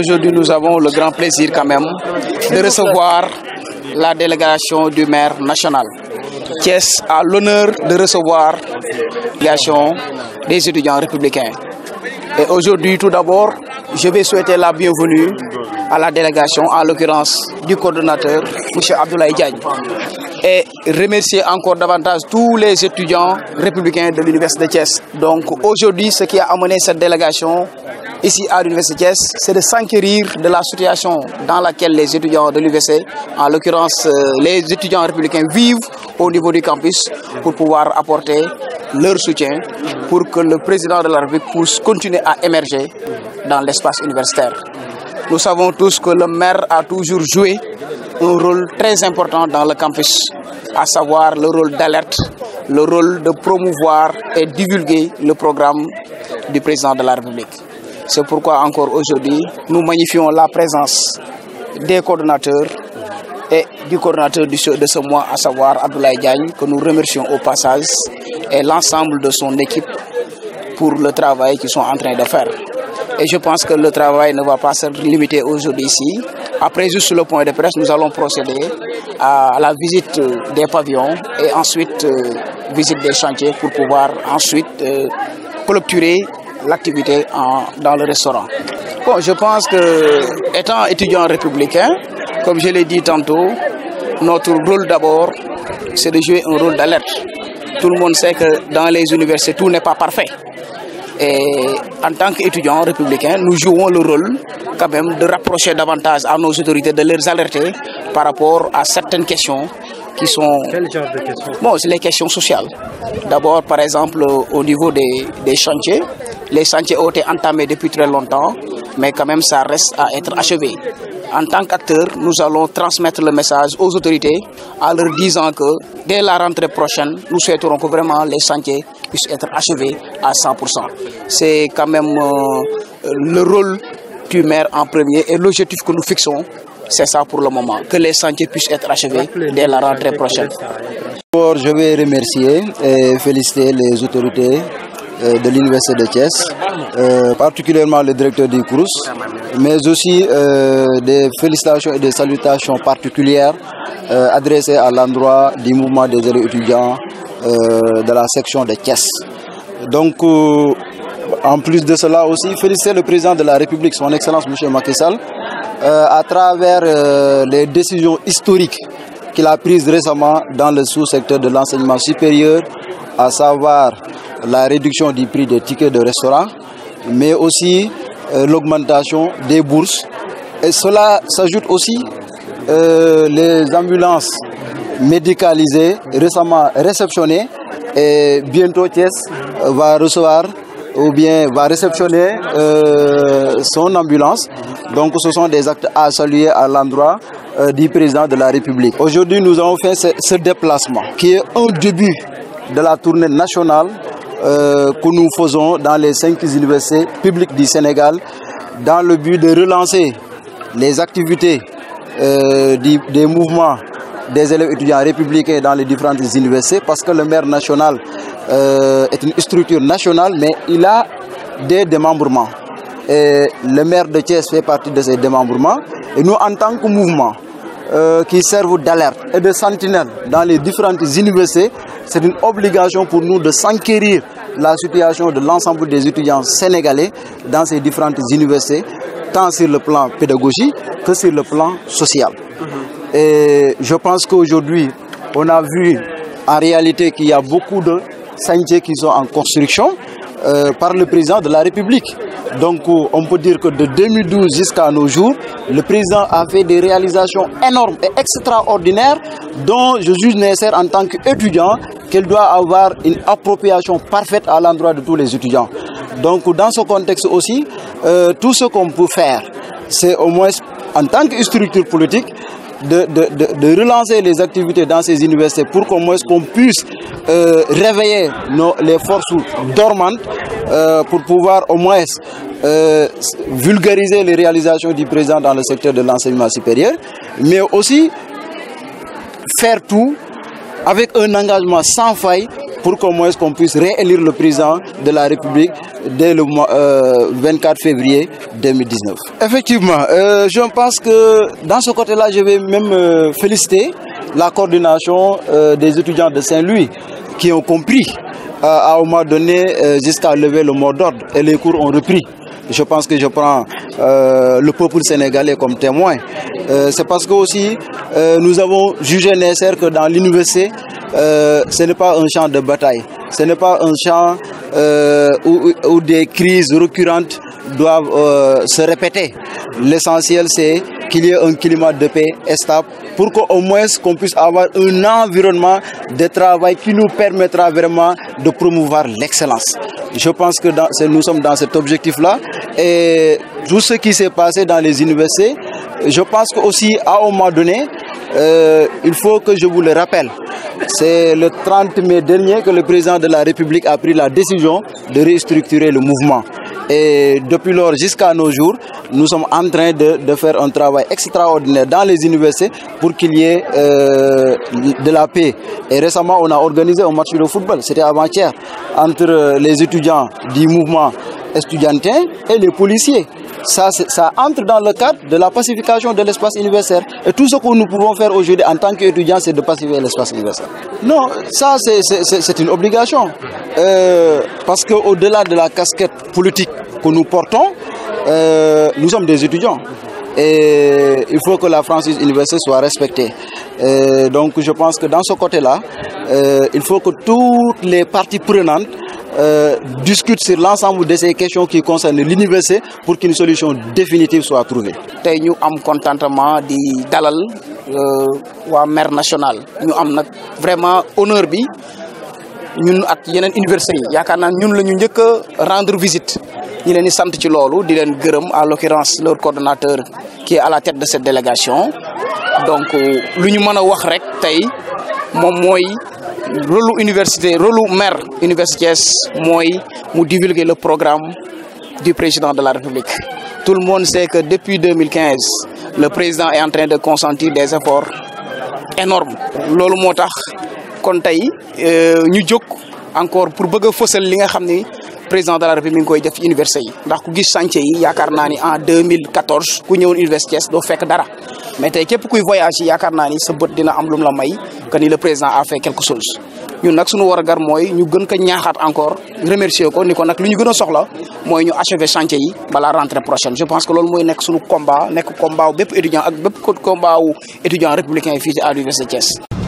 aujourd'hui nous avons le grand plaisir quand même de recevoir la délégation du maire national. Thiès a l'honneur de recevoir la délégation des étudiants républicains. Et aujourd'hui, tout d'abord, je vais souhaiter la bienvenue à la délégation, en l'occurrence du coordonnateur, M. Abdoulaye Diagne, et remercier encore davantage tous les étudiants républicains de l'Université de Thiès. Donc aujourd'hui, ce qui a amené cette délégation ici à l'Université c'est de s'enquérir de la situation dans laquelle les étudiants de l'UVC, en l'occurrence euh, les étudiants républicains, vivent au niveau du campus pour pouvoir apporter leur soutien pour que le président de la République puisse continuer à émerger dans l'espace universitaire. Nous savons tous que le maire a toujours joué un rôle très important dans le campus, à savoir le rôle d'alerte, le rôle de promouvoir et divulguer le programme du président de la République. C'est pourquoi encore aujourd'hui, nous magnifions la présence des coordonnateurs et du coordonnateur de ce mois, à savoir Abdoulaye Diagne, que nous remercions au passage, et l'ensemble de son équipe pour le travail qu'ils sont en train de faire. Et je pense que le travail ne va pas se limiter aujourd'hui ici. Après, juste le point de presse, nous allons procéder à la visite des pavillons et ensuite euh, visite des chantiers pour pouvoir ensuite euh, clôturer l'activité dans le restaurant. Bon, je pense que, étant étudiant républicain, comme je l'ai dit tantôt, notre rôle d'abord, c'est de jouer un rôle d'alerte. Tout le monde sait que dans les universités, tout n'est pas parfait. Et en tant qu'étudiant républicain, nous jouons le rôle quand même de rapprocher davantage à nos autorités, de les alerter par rapport à certaines questions qui sont... Quel genre de questions Bon, c'est les questions sociales. D'abord, par exemple, au niveau des chantiers, les sentiers ont été entamés depuis très longtemps, mais quand même ça reste à être achevé. En tant qu'acteur, nous allons transmettre le message aux autorités en leur disant que dès la rentrée prochaine, nous souhaiterons que vraiment les sentiers puissent être achevés à 100%. C'est quand même euh, le rôle du maire en premier et l'objectif que nous fixons, c'est ça pour le moment, que les sentiers puissent être achevés dès la rentrée prochaine. Je vais remercier et féliciter les autorités euh, de l'Université de Thiès, euh, particulièrement le directeur du Crous, mais aussi euh, des félicitations et des salutations particulières adressées à l'endroit du mouvement des élèves étudiants de la section de Thiès. Donc, en plus de cela aussi, féliciter le président de la République, son Excellence M. Macky Sall, à travers les décisions historiques qu'il a prise récemment dans le sous-secteur de l'enseignement supérieur, à savoir la réduction du prix des tickets de restaurant, mais aussi euh, l'augmentation des bourses. Et cela s'ajoute aussi euh, les ambulances médicalisées récemment réceptionnées et bientôt Thiès va recevoir ou bien va réceptionner euh, son ambulance. Donc ce sont des actes à saluer à l'endroit euh, du président de la République. Aujourd'hui, nous avons fait ce déplacement qui est un début de la tournée nationale euh, que nous faisons dans les cinq universités publiques du Sénégal dans le but de relancer les activités euh, des, mouvements des élèves étudiants républicains dans les différentes universités parce que le maire national est une structure nationale mais il a des démembrements. le maire de Thiès fait partie de ces démembrements et nous en tant que mouvement, euh, qui servent d'alerte et de sentinelle dans les différentes universités. C'est une obligation pour nous de s'enquérir la situation de l'ensemble des étudiants sénégalais dans ces différentes universités, tant sur le plan pédagogique que sur le plan social. Mhm. Et je pense qu'aujourd'hui, on a vu en réalité qu'il y a beaucoup de sentiers qui sont en construction euh, par le président de la République. Donc on peut dire que de 2012 jusqu'à nos jours, le président a fait des réalisations énormes et extraordinaires dont je juge nécessaire en tant qu'étudiant qu'elle doit avoir une appropriation parfaite à l'endroit de tous les étudiants. Donc dans ce contexte aussi, euh, tout ce qu'on peut faire, c'est au moins en tant que structure politique, de, relancer les activités dans ces universités pour qu'au moins qu'on puisse euh, réveiller les forces dormantes euh, pour pouvoir au moins euh, vulgariser les réalisations du président dans le secteur de l'enseignement supérieur, mais aussi faire tout avec un engagement sans faille pour est-ce qu'on puisse réélire le président de la République dès le 24 euh, février 2019. Effectivement, euh, je pense que dans ce côté-là, je vais même euh, féliciter la coordination des étudiants de Saint-Louis qui ont compris à au moment donné jusqu'à lever le mot d'ordre et les cours ont repris. Je pense que je prends le peuple sénégalais comme témoin. C'est parce que aussi nous avons jugé nécessaire que dans l'université, euh, ce n'est pas un champ de bataille, ce n'est pas un champ euh, où, des crises récurrentes doivent euh, se répéter. L'essentiel, c'est qu'il y ait un climat de paix stable pour qu'au moins qu'on puisse avoir un environnement de travail qui nous permettra vraiment de promouvoir l'excellence. Je pense que dans, nous sommes dans cet objectif-là et tout ce qui s'est passé dans les universités, je pense qu'aussi à un moment donné, euh, il faut que je vous le rappelle. C'est le 30 mai dernier que le président de la République a pris la décision de restructurer le mouvement. Et depuis lors jusqu'à nos jours, nous sommes en train de, faire un travail extraordinaire dans les universités pour qu'il y ait euh, de la paix. Et récemment, on a organisé un match de football, c'était avant-hier, entre les étudiants du mouvement estudiantin et les policiers ça, entre dans le cadre de la pacification de l'espace universel. Et tout ce que nous pouvons faire aujourd'hui en tant qu'étudiants, c'est de pacifier l'espace universel. Non, ça, c'est une obligation. Euh, parce qu'au-delà de la casquette politique que nous portons, euh, nous sommes des étudiants. Et il faut que la France universelle soit respectée. Euh, donc je pense que dans ce côté-là, il faut que toutes les parties prenantes euh, discute sur l'ensemble de ces questions qui concernent l'université pour qu'une solution définitive soit trouvée. Nous sommes am contentement di dalal euh, wa maire national ñu am vraiment honneur bi ñun at yenen université yi yaakaar ñun lañu rendre visite Ñi leni di ci lolu di en l'occurrence leur coordonnateur qui est à la tête de cette délégation donc euh, lu ñu mëna que wax rek tay mom moy rôle université maire université moi, nous divulguer le programme du président de la République tout le monde sait que depuis 2015 le président est en train de consentir des efforts énormes Rolo moo tax kon euh, encore pour bëgg a président de la République mi ngi koy def université ndax ku chantier en 2014 ku ñëwoon université dara mais tey képp kuy voyage yaakaar naa ni sa bët dina am lum la may que ni le président a fait quelque chose ñun nag suñu war gar mooy ñu gën ko ñaaxaat encore remercier ko ni ko nag lu ñu gën a soxla mooy ñu achever chantier yi balaa rentrée prochaine je pense que loolu mooy nekk suñu combat nekk combat wu bépp étudiant ak bépp combat wu étudiant républicain fii ci à l'université Thiès